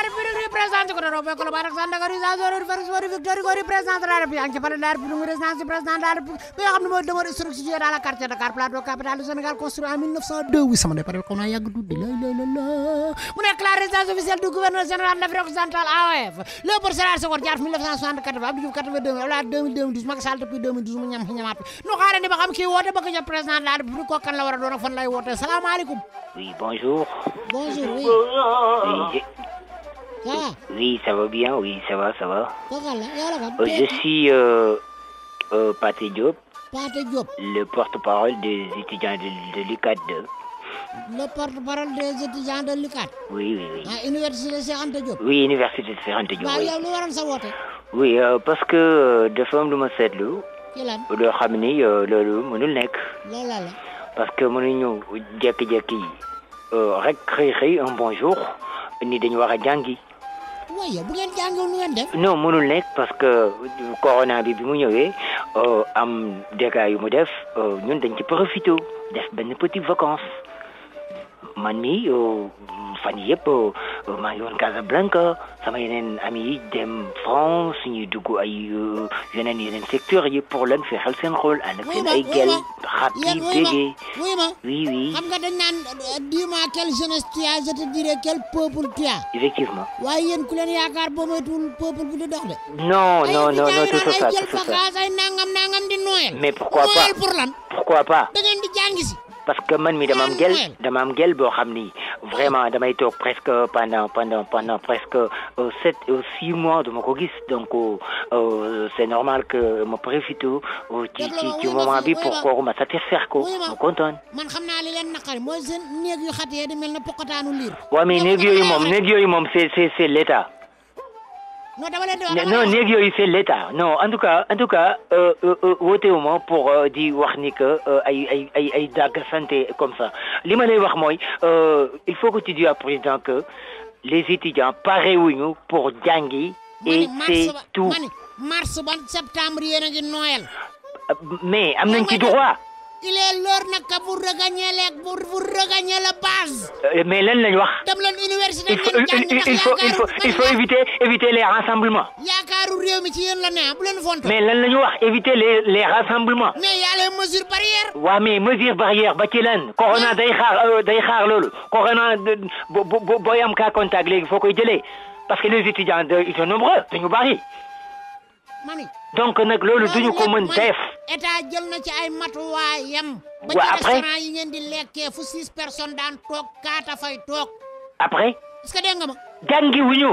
la République représente ko doro be ko barak sa ndagaru sa zoro refer so victor ko représente la République anki par la République représente du président de la République bi nga xam ne mooy demeure historique situé dans la quartier Dakar plateau capitale du Sénégal construit en 1902 wi sama départ ko na yàgg tuddi la la la la mu nekk la résidence officielle du gouverneur général de l'Afrique occidentale AOF le porcelain Senghor Diatta 1964 Abdou Diouf 82 Abdoulaye 2012 Macky Sall depuis 2012 mu ñam ñamaat nu xaaree ni ba xam kii woote ba ko jël président de la République ko kan la war a doon ak fan lay woote salaamaaleykum oui bonjour bonjour oui Oui, ça va bien, oui, ça va, ça va. Euh, je suis euh, euh, Paté Diop, le porte-parole des étudiants de, l'UCAD Le porte-parole des étudiants de l'UCAD Oui, oui, oui. À ah, l'université Diop Oui, université Serrante Diop. Oui, oui euh, parce que deux femmes de ma seetlu. je lan loo le le parce que mon jékki-jékki euh, rek euh, un bonjour ni de war waaye yow bu non mënul nekk parce que corona bi bi mu ñëwee euh, am dégâts yu mu def euh, ñun dañ ci profité def benn petite vacance man mi euh, fan yii yëpp maa ngi woon Casablanca sama yeneen ami yi dem France ñuy dugg ay yeneen yeneen secteurs yi pour lan fexeel seen xol ànd ak seen ay gel Happy birthday. Oui, ma. Oui, oui. xam nga dañ naan euh, dis-moi quelle jeunesse tu as, je te dirai quel peuple tu as. Effectivement. waaye yéen ku leen yaakaar boo moytuwul peuple bi du dox de. non non non non tout ça tout ay nangam nangam di noyal. mais pourquoi pas noyal pour lan. pourquoi pas. da ngeen di jàngi si. parce que man mi dama am gel dama am gel boo xam ni. Vraiment, damay toog presque pendant pendant pendant presque euh, sept euh, six mois du ma ko gis donc euh, c'est normal que mon profite ci ci ci moment bi pour kooku ma satisfaire ko mon kontaan. man xamna li len naqari moy jeune neug yu xat yee di mel ne poqotaanu liir. waaw mais néeg yooyu moom néeg yooyu moom c'est c'est c'est l'état non non l'état non en tout cas en tout cas au euh, euh, euh, pour dire wax ni que ay ay ay santé comme ça il faut que tu dises à président que les étudiants pas pour ganguer et c'est tout mars il septembre a noël mais droit il est l'heure nak que vous regagnez les vous vous regagnez la base. Euh, mais lan lañ wax. dem lan université ngeen jàng il faut il faut il faut éviter éviter les rassemblements. yaakaaru réew mi ci yeen la né bu len fonto. mais lan lañ wax éviter les les rassemblements. mais y a les mesures barrières. wa mais mesures barrières ba ci lan. corona day xaar euh, day xaar loolu. corona bo bo booy am ka contact léegi foo koy jëlee parce que les étudiants de, ils sont nombreux dañu bari. mami donc nak lolu duñu ko mën def. état jël na ci ay matuwaayam. ba ci restaurant yi ngeen di lekkee fu six personnes daan toog kaata fay toog. après. est-ce que dégg nga ma. jàngi wuñu.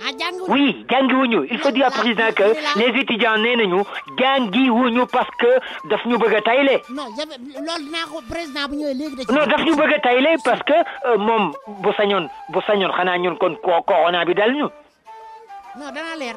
ah jàngi wuñu oui il faut dire président que les étudiants nee nañu jàngi wuñu parce que daf ñu bëgg a tayle. non loolu président bu ñëwee léegi. non daf ñu bëgg a tayle parce que euh, moom bu sañoon bu sañoon xanaa ñun kon corona bi dal ñu. dana leer.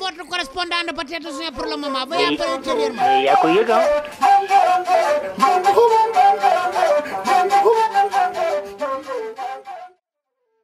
votre correspondant de peut-être pour le moment. Veuillez appeler ultérieurement.